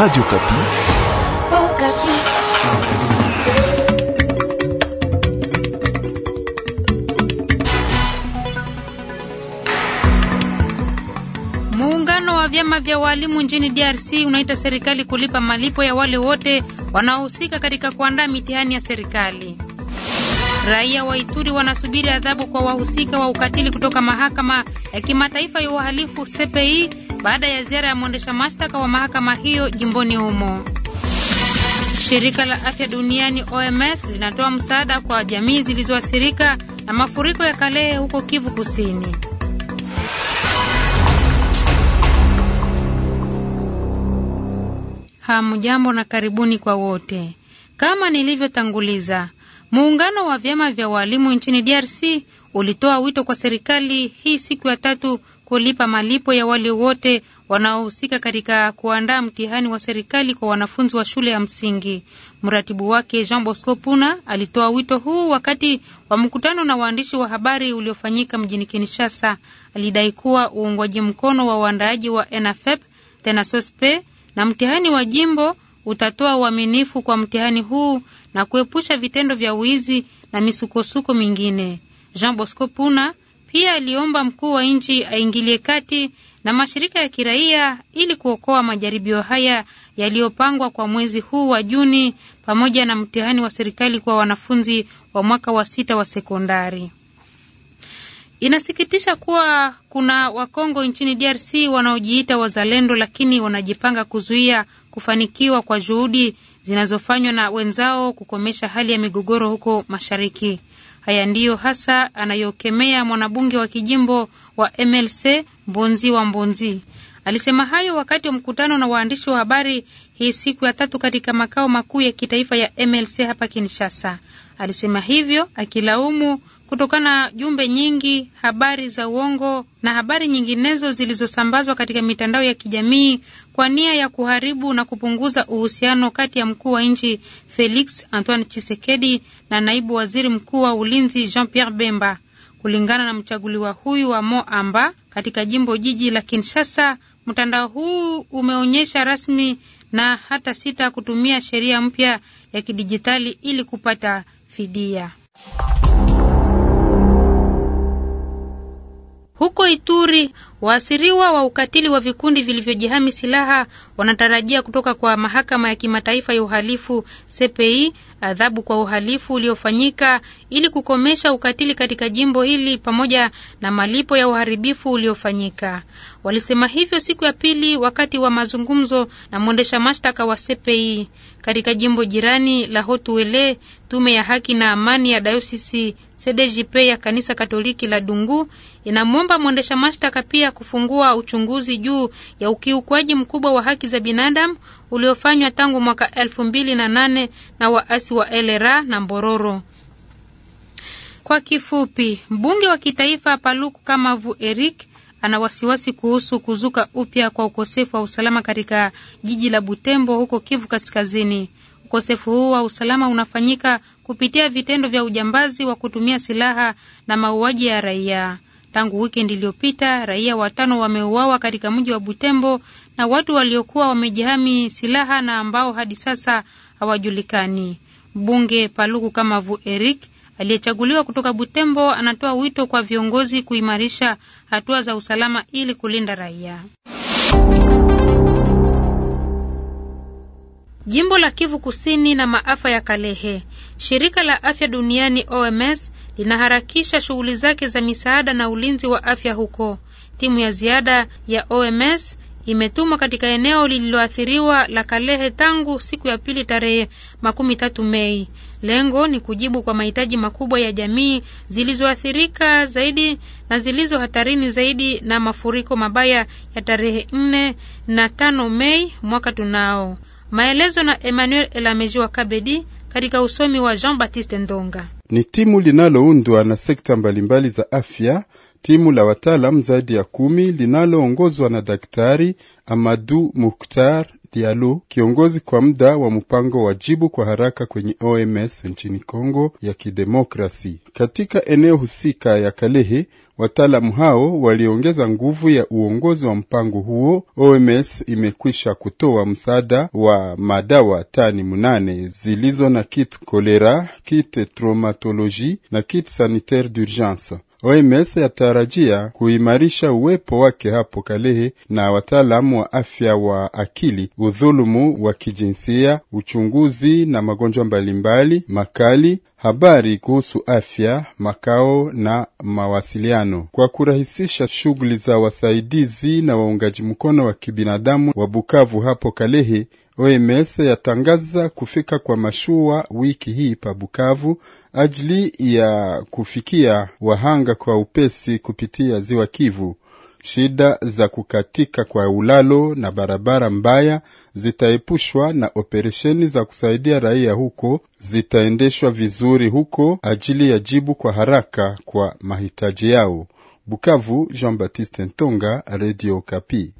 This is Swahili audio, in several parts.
Radio Okapi. Oh, Muungano wa vyama vya walimu nchini DRC unaita serikali kulipa malipo ya wale wote wanaohusika katika kuandaa mitihani ya serikali. Raia wa Ituri wanasubiri adhabu kwa wahusika wa ukatili kutoka mahakama ya kimataifa ya uhalifu CPI baada ya ziara ya mwendesha mashtaka wa mahakama hiyo jimboni humo. Shirika la afya duniani OMS linatoa msaada kwa jamii zilizoathirika na mafuriko ya Kalehe huko Kivu Kusini. Hamjambo na karibuni kwa wote. Kama nilivyotanguliza, muungano wa vyama vya walimu nchini DRC ulitoa wito kwa serikali hii siku ya tatu kulipa malipo ya wale wote wanaohusika katika kuandaa mtihani wa serikali kwa wanafunzi wa shule ya msingi. Mratibu wake Jean Bosco Puna alitoa wito huu wakati wa mkutano na waandishi wa habari uliofanyika mjini Kinshasa. Alidai kuwa uungwaji mkono wa uandaaji wa ENAFEP tena sospe na mtihani wa jimbo utatoa uaminifu kwa mtihani huu na kuepusha vitendo vya wizi na misukosuko mingine. Jean Bosco Puna pia aliomba mkuu wa nchi aingilie kati na mashirika ya kiraia ili kuokoa majaribio haya yaliyopangwa kwa mwezi huu wa Juni pamoja na mtihani wa serikali kwa wanafunzi wa mwaka wa sita wa sekondari. Inasikitisha kuwa kuna Wakongo nchini DRC wanaojiita wazalendo lakini wanajipanga kuzuia kufanikiwa kwa juhudi zinazofanywa na wenzao kukomesha hali ya migogoro huko mashariki. Haya ndiyo hasa anayokemea mwanabunge wa kijimbo wa MLC Mbonzi wa Mbonzi. Alisema hayo wakati wa mkutano na waandishi wa habari hii siku ya tatu katika makao makuu ya kitaifa ya MLC hapa Kinshasa. Alisema hivyo akilaumu kutokana na jumbe nyingi, habari za uongo na habari nyinginezo zilizosambazwa katika mitandao ya kijamii kwa nia ya kuharibu na kupunguza uhusiano kati ya mkuu wa nchi Felix Antoine Tshisekedi na naibu waziri mkuu wa ulinzi Jean-Pierre Bemba. Kulingana na mchaguliwa huyu wa Moamba katika jimbo jiji la Kinshasa, Mtandao huu umeonyesha rasmi na hata sita kutumia sheria mpya ya kidijitali ili kupata fidia. Huko Ituri, waasiriwa wa ukatili wa vikundi vilivyojihami silaha wanatarajia kutoka kwa mahakama ya kimataifa ya uhalifu CPI adhabu kwa uhalifu uliofanyika ili kukomesha ukatili katika jimbo hili pamoja na malipo ya uharibifu uliofanyika. Walisema hivyo siku ya pili wakati wa mazungumzo na mwendesha mashtaka wa CPI katika jimbo jirani la Hotuele. Tume ya haki na amani ya dayosisi CDJP ya kanisa Katoliki la Dungu inamwomba mwendesha mashtaka pia kufungua uchunguzi juu ya ukiukwaji mkubwa wa haki za binadamu uliofanywa tangu mwaka elfu mbili na nane na waasi wa LRA na Mbororo. Kwa kifupi, mbunge wa kitaifa Paluku Kamavu Eric ana wasiwasi kuhusu kuzuka upya kwa ukosefu wa usalama katika jiji la Butembo huko Kivu Kaskazini. Ukosefu huu wa usalama unafanyika kupitia vitendo vya ujambazi wa kutumia silaha na mauaji ya raia. Tangu wikendi iliyopita, raia watano wameuawa katika mji wa Butembo na watu waliokuwa wamejihami silaha na ambao hadi sasa hawajulikani. Mbunge Paluku Kamavu Eric aliyechaguliwa kutoka Butembo anatoa wito kwa viongozi kuimarisha hatua za usalama ili kulinda raia. Jimbo la Kivu Kusini na maafa ya Kalehe. Shirika la Afya Duniani OMS linaharakisha shughuli zake za misaada na ulinzi wa afya huko. Timu ya ziada ya OMS imetumwa katika eneo lililoathiriwa la Kalehe tangu siku ya pili tarehe makumi tatu Mei. Lengo ni kujibu kwa mahitaji makubwa ya jamii zilizoathirika zaidi na zilizo hatarini zaidi na mafuriko mabaya ya tarehe nne na tano Mei mwaka tunao. Maelezo na Emmanuel Elamezi wa Kabedi katika usomi wa Jean-Baptiste Ndonga. Ni timu linaloundwa na sekta mbalimbali za afya, timu la wataalamu zaidi ya kumi linaloongozwa na Daktari Amadu Muktar Diallo, kiongozi kwa muda wa mpango wa jibu kwa haraka kwenye OMS nchini Kongo ya Kidemokrasi. Katika eneo husika ya Kalehe, wataalamu hao waliongeza nguvu ya uongozi wa mpango huo. OMS imekwisha kutoa msaada wa madawa tani munane zilizo na kit kolera, kit traumatologie na kit sanitaire d'urgence. OMS yatarajia kuimarisha uwepo wake hapo Kalehe na wataalamu wa afya wa akili, udhulumu wa kijinsia, uchunguzi na magonjwa mbalimbali makali, habari kuhusu afya, makao na mawasiliano, kwa kurahisisha shughuli za wasaidizi na waungaji mkono wa kibinadamu wa Bukavu hapo Kalehe. OMS yatangaza kufika kwa mashua wiki hii pa Bukavu ajili ya kufikia wahanga kwa upesi kupitia ziwa Kivu. Shida za kukatika kwa ulalo na barabara mbaya zitaepushwa na operesheni za kusaidia raia huko zitaendeshwa vizuri huko ajili ya jibu kwa haraka kwa mahitaji yao. Bukavu, Jean Baptiste Ntonga, Radio Kapi.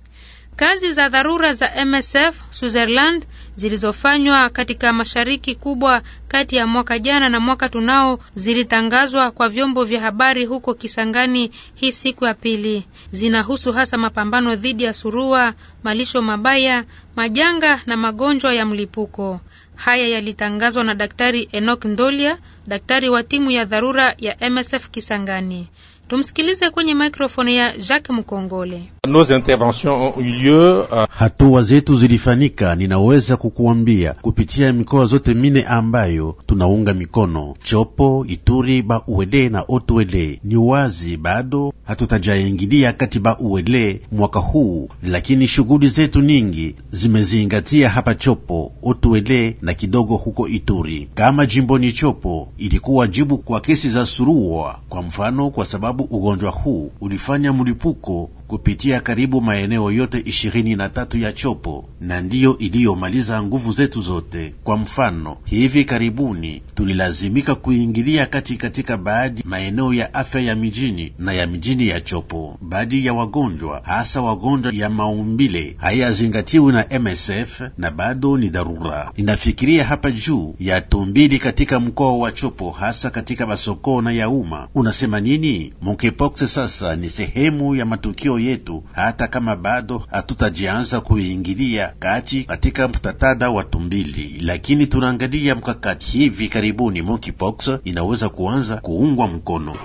Kazi za dharura za MSF Switzerland zilizofanywa katika mashariki kubwa kati ya mwaka jana na mwaka tunao zilitangazwa kwa vyombo vya habari huko Kisangani hii siku ya pili. Zinahusu hasa mapambano dhidi ya surua, malisho mabaya, majanga na magonjwa ya mlipuko. Haya yalitangazwa na Daktari Enoch Ndolia, daktari wa timu ya dharura ya MSF Kisangani. Tumsikilize kwenye mikrofoni ya Jacques Mkongole. Nos interventions ont eu lieu. Euh, Hatua zetu zilifanyika, ninaweza kukuambia kupitia mikoa zote mine ambayo tunaunga mikono Chopo, Ituri, ba Uele na Otuele. Ni wazi bado hatutajaingilia kati ba Uele mwaka huu, lakini shughuli zetu nyingi zimezingatia hapa Chopo, Otuele na kidogo huko Ituri. Kama jimboni Chopo ilikuwa jibu kwa kesi za surua, kwa mfano, kwa sababu sababu ugonjwa huu ulifanya mlipuko kupitia karibu maeneo yote ishirini na tatu ya Chopo, na ndiyo iliyomaliza nguvu zetu zote. Kwa mfano, hivi karibuni tulilazimika kuingilia kati katika baadhi maeneo ya afya ya mijini na ya mijini ya Chopo. Baadhi ya wagonjwa, hasa wagonjwa ya maumbile, hayazingatiwi na MSF na bado ni dharura. Ninafikiria hapa juu ya tumbili katika mkoa wa Chopo, hasa katika basoko na ya umma. Unasema nini? Monkeypox sasa ni sehemu ya matukio yetu, hata kama bado hatutajianza kuingilia kati katika mtatada wa tumbili, lakini tunaangalia mkakati. Hivi karibuni monkeypox inaweza kuanza kuungwa mkono.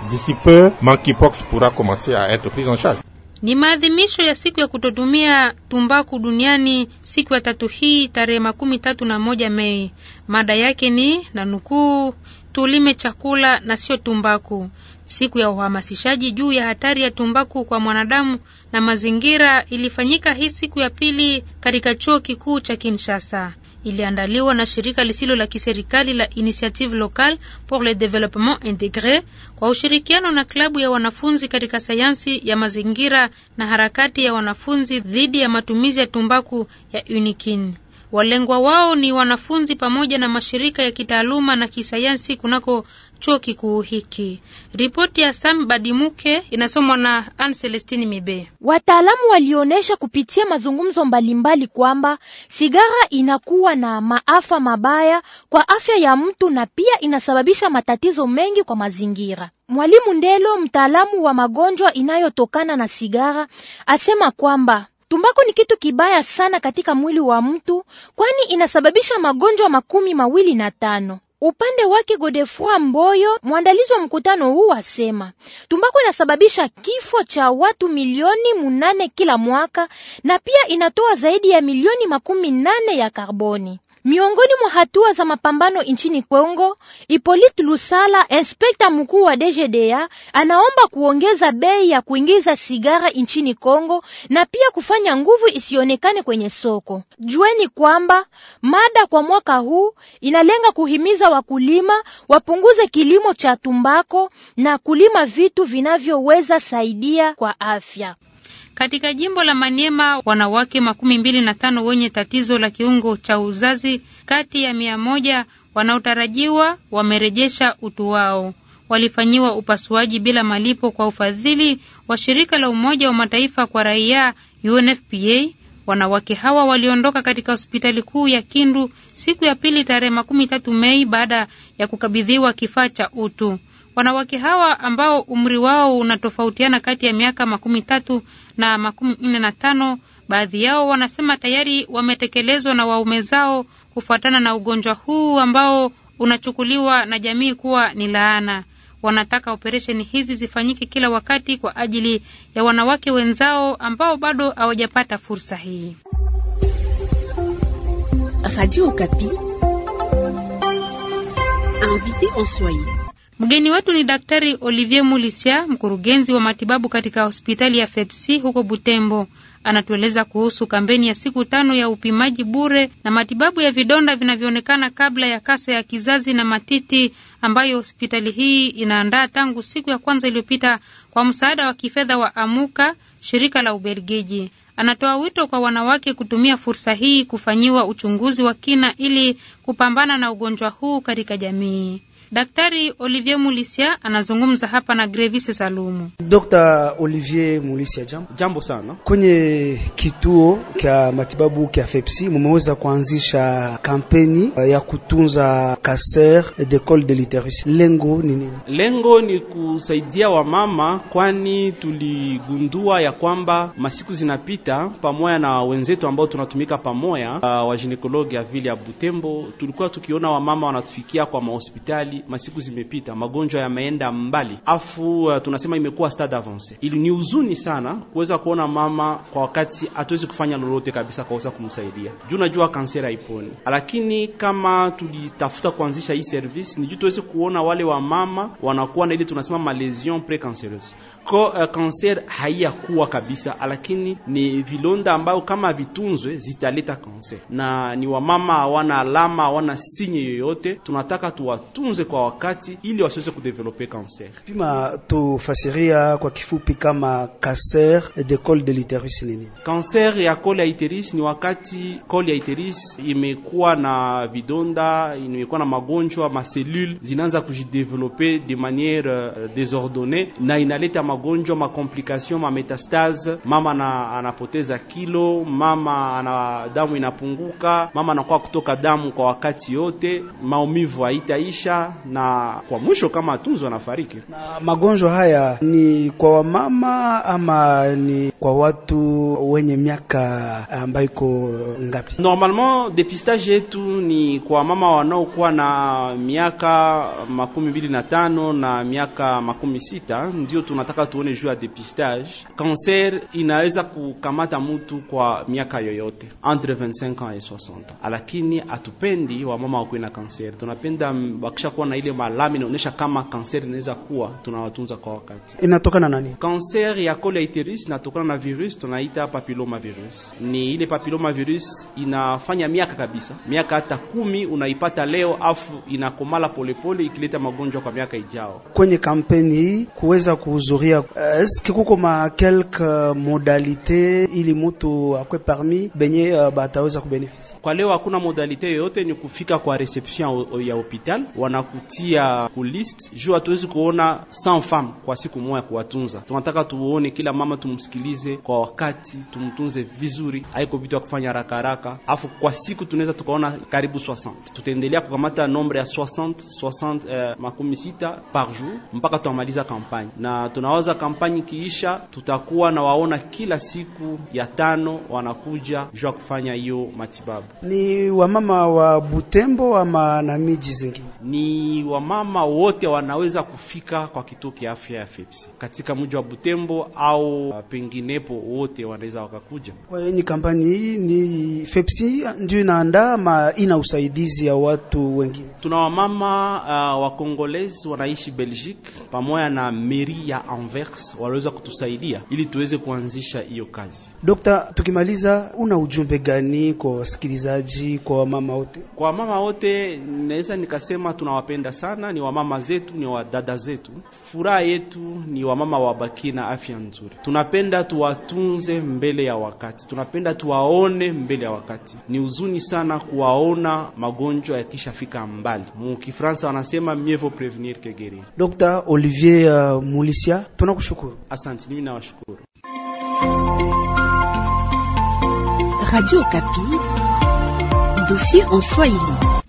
Ni maadhimisho ya siku ya kutotumia tumbaku duniani, siku ya tatu hii tarehe makumi tatu na moja Mei. Mada yake ni na nukuu, tulime chakula na sio tumbaku. Siku ya uhamasishaji juu ya hatari ya tumbaku kwa mwanadamu na mazingira ilifanyika hii siku ya pili katika chuo kikuu cha Kinshasa. Iliandaliwa na shirika lisilo la kiserikali la Initiative Locale pour le Developpement Integre kwa ushirikiano na klabu ya wanafunzi katika sayansi ya mazingira na harakati ya wanafunzi dhidi ya matumizi ya tumbaku ya Unikin. Walengwa wao ni wanafunzi pamoja na mashirika ya kitaaluma na kisayansi kunako chuo kikuu hiki. Ripoti ya Sam Badimuke inasomwa na Anne Celestine Mibe. Wataalamu walionyesha kupitia mazungumzo mbalimbali kwamba sigara inakuwa na maafa mabaya kwa afya ya mtu na pia inasababisha matatizo mengi kwa mazingira. Mwalimu Ndelo, mtaalamu wa magonjwa inayotokana na sigara, asema kwamba tumbako ni kitu kibaya sana katika mwili wa mtu, kwani inasababisha magonjwa makumi mawili na tano. Upande wake Godefroi Mboyo, mwandalizi wa mkutano huu, asema tumbaku inasababisha kifo cha watu milioni munane kila mwaka na pia inatoa zaidi ya milioni makumi nane ya karboni. Miongoni mwa hatua za mapambano nchini Kongo, Ipolite Lusala, inspekta mkuu wa DGDA, anaomba kuongeza bei ya kuingiza sigara nchini Kongo na pia kufanya nguvu isionekane kwenye soko. Jueni kwamba mada kwa mwaka huu inalenga kuhimiza wakulima wapunguze kilimo cha tumbako na kulima vitu vinavyoweza saidia kwa afya. Katika jimbo la Maniema wanawake makumi mbili na tano wenye tatizo la kiungo cha uzazi kati ya mia moja wanaotarajiwa wamerejesha utu wao. Walifanyiwa upasuaji bila malipo kwa ufadhili wa shirika la Umoja wa Mataifa kwa raia UNFPA. Wanawake hawa waliondoka katika hospitali kuu ya Kindu siku ya pili tarehe makumi tatu Mei baada ya kukabidhiwa kifaa cha utu. Wanawake hawa ambao umri wao unatofautiana kati ya miaka makumi tatu na makumi nne na tano, baadhi yao wanasema tayari wametekelezwa na waume zao kufuatana na ugonjwa huu ambao unachukuliwa na jamii kuwa ni laana. Wanataka operesheni hizi zifanyike kila wakati kwa ajili ya wanawake wenzao ambao bado hawajapata fursa hii. Radio Okapi invité en Swahili. Mgeni wetu ni Daktari Olivier Mulisia, mkurugenzi wa matibabu katika hospitali ya Fepsi huko Butembo. Anatueleza kuhusu kampeni ya siku tano ya upimaji bure na matibabu ya vidonda vinavyoonekana kabla ya kasa ya kizazi na matiti ambayo hospitali hii inaandaa tangu siku ya kwanza iliyopita kwa msaada wa kifedha wa Amuka, shirika la Ubelgiji. Anatoa wito kwa wanawake kutumia fursa hii kufanyiwa uchunguzi wa kina ili kupambana na ugonjwa huu katika jamii. Daktari Olivier Mulisia anazungumza hapa na Grevis Salumu. Dr. Olivier Mulisia, jambo. Jambo sana. Kwenye kituo kya matibabu kya FEPSI mumeweza kuanzisha kampeni ya kutunza kaser de col de l'utérus. Lengo ni nini? Lengo ni kusaidia wamama, kwani tuligundua ya kwamba masiku zinapita pamoja na wenzetu ambao tunatumika pamoja, uh, wa ginekologi ya vile ya Butembo, tulikuwa tukiona wamama wanatufikia kwa mahospitali masiku zimepita, magonjwa yameenda mbali, afu uh, tunasema imekuwa stade avance. Ili ni huzuni sana kuweza kuona mama kwa wakati hatuwezi kufanya lolote kabisa kwaweza kumsaidia juu najua kansera haiponi, lakini kama tulitafuta kuanzisha hii service ni juu tuweze kuona wale wa mama wanakuwa na ile tunasema malesion precancereuse ko uh, kanser haiyakuwa kabisa, lakini ni vilonda ambayo kama vitunzwe zitaleta kanser, na ni wamama hawana alama hawana sinye yoyote, tunataka tuwatunze kwa wakati ili wasiweze kudevelope kanser. Pima tufasiria kwa kifupi kama cancer de col de l'uterus ni nini? Kanser ya col ya uterus ni wakati col ya uterus imekuwa na vidonda, imekuwa na magonjwa, maselule zinaanza kujidevelope de maniere euh, desordonnee na inaleta magonjwa, makomplikation, mametastase. Mama na, anapoteza kilo, mama ana damu inapunguka, mama anakuwa kutoka damu kwa wakati yote, maumivu haitaisha na kwa mwisho kama na fariki. Na magonjwa haya ni kwa wamama ama ni kwa watu wenye miaka ambayo iko ngapi? Normalement depistage yetu ni kwa wamama wanaokuwa na miaka makumi mbili na tano na miaka makumi sita ndio tunataka tuone juu ya depistage. Kanser inaweza kukamata mtu kwa miaka yoyote entre 25 ans et 60 lakini atupendi wamama wakuwe na kanser, tunapenda bakisha kuwa na ile malami inaonyesha kama kanseri inaweza kuwa tunawatunza kwa wakati. Inatokana na nani? Kanseri ya kole ya uterus inatokana na virus tunaita papilloma virus. Ni ile papilloma virus inafanya miaka kabisa, miaka hata kumi unaipata leo, afu inakomala polepole ikileta magonjwa kwa miaka ijao. Kwenye kampeni hii kuweza kuhudhuria, eh, eske kuko ma quelque modalite ili mtu akwe parmi benye uh, eh, bataweza kubenefisi? Kwa leo hakuna modalite yoyote, ni kufika kwa reception ya hospital wanaku kutia kulist juu hatuwezi kuona sans femme kwa siku moja kuwatunza. Tunataka tuone kila mama, tumsikilize kwa wakati, tumtunze vizuri, haiko vitu ya kufanya haraka haraka. Afu kwa siku tunaweza tukaona karibu 60. Tutaendelea kukamata nombre ya 60 60, eh, makumi sita par jour mpaka tutamaliza kampanye, na tunawaza kampanye kiisha, tutakuwa na waona kila siku ya tano wanakuja juu ya kufanya hiyo matibabu. Ni wamama wa Butembo ama na miji zingine ni ni wamama wote wanaweza kufika kwa kituo kia afya ya FEPSI katika mji wa Butembo au uh, penginepo, wote wanaweza wakakuja. Ni kampani hii ni FEPSI ndio inaandaa ma ina usaidizi ya watu wengine. Tuna wamama uh, wakongolezi wanaishi Belgique pamoja na meri ya Anvers waliweza kutusaidia ili tuweze kuanzisha hiyo kazi. Dokta, tukimaliza, una ujumbe gani kwa wasikilizaji, kwa wamama wote? Kwa wamama wote naweza nikasema tunawapa tunawapenda sana, ni wamama zetu, ni wadada zetu. Furaha yetu ni wamama wabakie na afya nzuri. Tunapenda tuwatunze mbele ya wakati, tunapenda tuwaone mbele ya wakati. Ni huzuni sana kuwaona magonjwa yakishafika mbali. Mukifransa wanasema mieux vaut prevenir que guérir. Dr. Olivier uh, Mulisia, tunakushukuru. Asante, mimi nawashukuru. Radio Kapi, dossier en Swahili.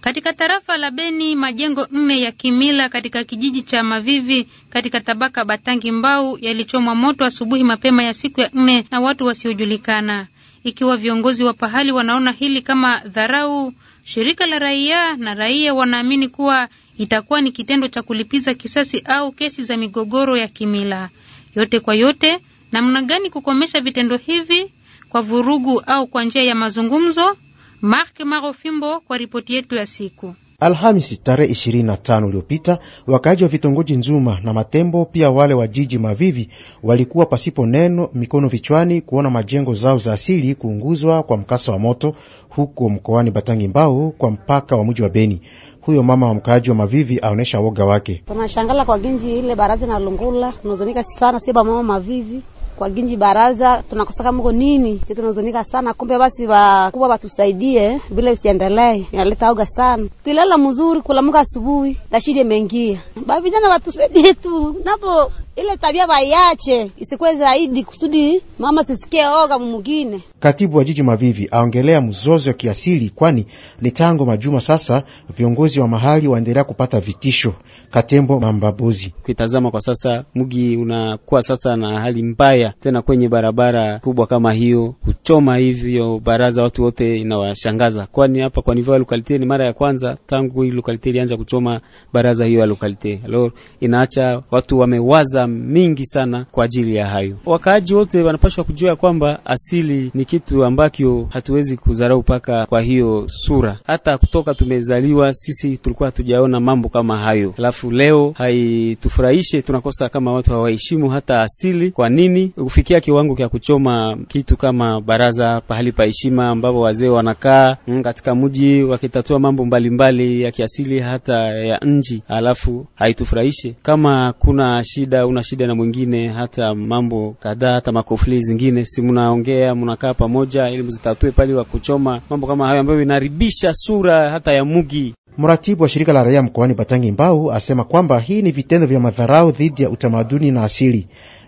Katika tarafa la Beni, majengo nne ya kimila katika kijiji cha Mavivi katika tabaka Batangi Mbau yalichomwa moto asubuhi mapema ya siku ya nne na watu wasiojulikana. Ikiwa viongozi wa pahali wanaona hili kama dharau, shirika la raia na raia wanaamini kuwa itakuwa ni kitendo cha kulipiza kisasi au kesi za migogoro ya kimila. Yote kwa yote, namna gani kukomesha vitendo hivi kwa vurugu au kwa njia ya mazungumzo? Mark Marofimbo kwa ripoti yetu ya siku. Alhamisi tarehe 25 iliyopita, wakaaji wa vitongoji Nzuma na Matembo pia wale wa jiji Mavivi walikuwa pasipo neno, mikono vichwani, kuona majengo zao za asili kuunguzwa kwa mkasa wa moto huko mkoani Batangi Mbao, kwa mpaka wa mji wa Beni. Huyo mama wa mkaaji wa Mavivi aonesha woga wake. Tunashangala kwa ginji ile barazi na lungula nazonika sana seba mama Mavivi kwa ginji baraza tunakosaka mko nini kitu tunazonika sana, kumbe basi wakubwa batusaidie bila siendelee inaleta oga sana. Tulala mzuri kulamuka asubuhi na shida imeingia, ba vijana batusaidie tu napo ile tabia bayache isikuwe zaidi kusudi mama sisikie oga mwingine. Katibu wa jiji Mavivi aongelea mzozo wa kiasili, kwani ni tango majuma sasa viongozi wa mahali waendelea kupata vitisho. Katembo Mambabuzi: kitazama kwa sasa mugi unakuwa sasa na hali mbaya tena kwenye barabara kubwa kama hiyo kuchoma hivyo baraza, watu wote inawashangaza, kwani hapa kwa nivyo ya lokalite ni mara ya kwanza tangu hii lokalite ilianza kuchoma baraza hiyo ya lokalite. Alors inaacha watu wamewaza mingi sana kwa ajili ya hayo. Wakaaji wote wanapaswa kujua kwamba asili ni kitu ambacho hatuwezi kudharau paka kwa hiyo sura. Hata kutoka tumezaliwa sisi tulikuwa hatujaona mambo kama hayo, alafu leo haitufurahishe, tunakosa kama watu hawaheshimu hata asili. Kwa nini kufikia kiwango cha kuchoma kitu kama baraza pahali pa heshima, ambapo wazee wanakaa mm, katika mji wakitatua mambo mbalimbali mbali ya kiasili hata ya nji Alafu haitufurahishe kama kuna shida, una shida na mwingine, hata mambo kadhaa, hata makofli zingine, si mnaongea mnakaa pamoja ili mzitatue pale, wa kuchoma mambo kama hayo ambayo inaribisha sura hata ya mugi. Mratibu wa shirika la raia mkoani Batangi Mbau asema kwamba hii ni vitendo vya madharau dhidi ya utamaduni na asili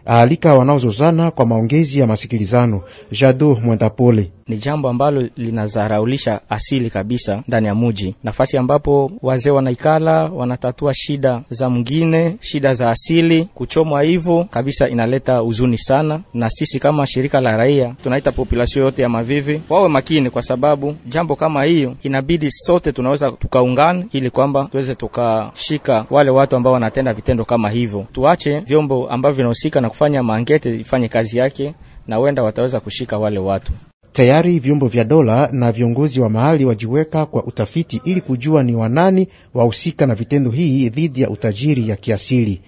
aalika wanaozozana kwa maongezi ya masikilizano. Jado Mwendapole: ni jambo ambalo linazaraulisha asili kabisa ndani ya muji, nafasi ambapo wazee wanaikala wanatatua shida za mwingine, shida za asili. Kuchomwa hivyo kabisa inaleta huzuni sana, na sisi kama shirika la raia tunaita populasio yote ya Mavivi wawe makini, kwa sababu jambo kama hiyo inabidi sote tunaweza tukaungana, ili kwamba tuweze tukashika wale watu ambao wanatenda vitendo kama hivyo. Tuache vyombo ambavyo vinahusika na kufanya mangete ifanye kazi yake, na wenda wataweza kushika wale watu. Tayari vyombo vya dola na viongozi wa mahali wajiweka kwa utafiti ili kujua ni wanani wahusika na vitendo hii dhidi ya utajiri ya kiasili.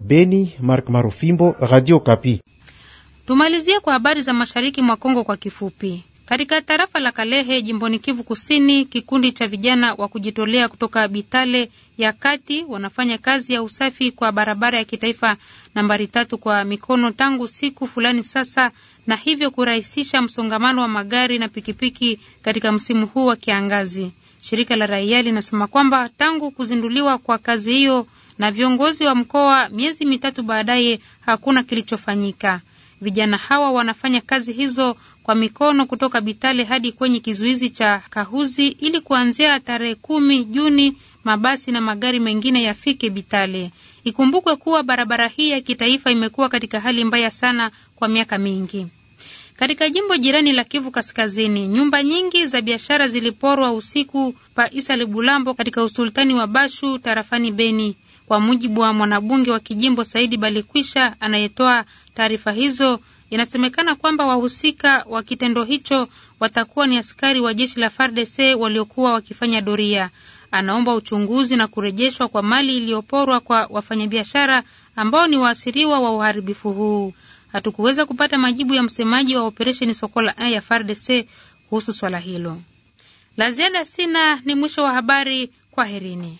Beni, Mark Marufimbo, Radio Kapi. Tumalizie kwa habari za mashariki mwa Kongo kwa kifupi. Katika tarafa la Kalehe jimboni Kivu Kusini, kikundi cha vijana wa kujitolea kutoka Bitale ya kati wanafanya kazi ya usafi kwa barabara ya kitaifa nambari tatu kwa mikono tangu siku fulani sasa, na hivyo kurahisisha msongamano wa magari na pikipiki katika msimu huu wa kiangazi. Shirika la raia linasema kwamba tangu kuzinduliwa kwa kazi hiyo na viongozi wa mkoa miezi mitatu baadaye, hakuna kilichofanyika. Vijana hawa wanafanya kazi hizo kwa mikono kutoka Bitale hadi kwenye kizuizi cha Kahuzi ili kuanzia tarehe kumi Juni mabasi na magari mengine yafike Bitale. Ikumbukwe kuwa barabara hii ya kitaifa imekuwa katika hali mbaya sana kwa miaka mingi. Katika jimbo jirani la Kivu Kaskazini, nyumba nyingi za biashara ziliporwa usiku pa isalibulambo katika usultani wa Bashu tarafani Beni. Kwa mujibu wa mwanabunge wa kijimbo Saidi Balikwisha anayetoa taarifa hizo, inasemekana kwamba wahusika wa kitendo hicho watakuwa ni askari wa jeshi la FARDC e waliokuwa wakifanya doria. Anaomba uchunguzi na kurejeshwa kwa mali iliyoporwa kwa wafanyabiashara ambao ni waasiriwa wa uharibifu huu. Hatukuweza kupata majibu ya msemaji wa operesheni Sokola A ya FARDC e kuhusu swala hilo. La ziada sina. Ni mwisho wa habari. Kwaherini.